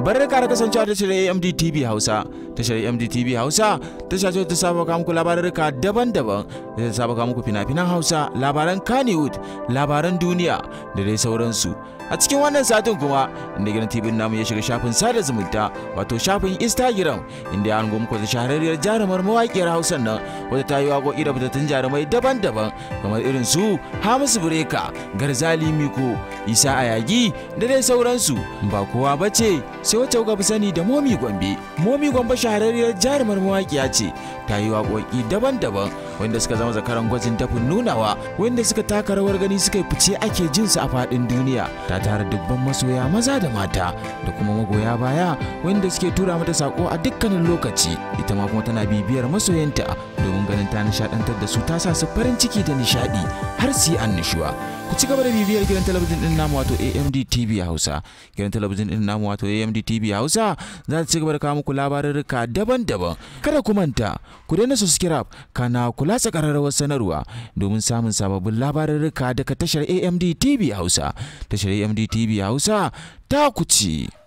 Barar ka kasancewa da shirin AMDTV Hausa, tashar AMDTV Hausa, ta ta saba muku labarurruka daban-daban, da ta saba muku fina-finan Hausa, labaran Kannywood, labaran duniya da dai sauransu. a cikin wannan satin kuma inda gidan tv namu ya shiga shafin sada zumunta wato shafin instagram inda ya hango muku da shahararriyar jarumar mawaƙiyar Hausar nan wata ta yi wako da fitattun jarumai daban-daban kamar irin su hamisu bureka garzali miko isa ayagi da dai sauransu ba kowa ba ce sai wacce kuka fi sani da momi gombe momi gombe shahararriyar jarumar mawaƙiya ce ta yi waƙoƙi daban-daban wanda suka zama zakaran gwajin dafin nunawa wanda suka taka rawar gani suka yi fice ake jin su a faɗin duniya ta tara dubban masoya maza da mata da kuma magoya baya wanda suke tura mata sako a dukkanin lokaci ita ma kuma tana bibiyar masoyanta domin ganin ta nishadantar da su ta sa su farin ciki da nishadi har su yi annishuwa ku ci gaba da bibiyar gidan talabijin din namu wato AMD TV Hausa gidan talabijin din namu wato AMD TV Hausa za ta ci gaba da kawo muku labarurruka daban-daban kada ku manta ku daina subscribe kana kula latsa kararrawar sanarwa domin samun sababbin labarurruka daga tashar AMD TV Hausa tashar AMD TV Hausa ta ku ci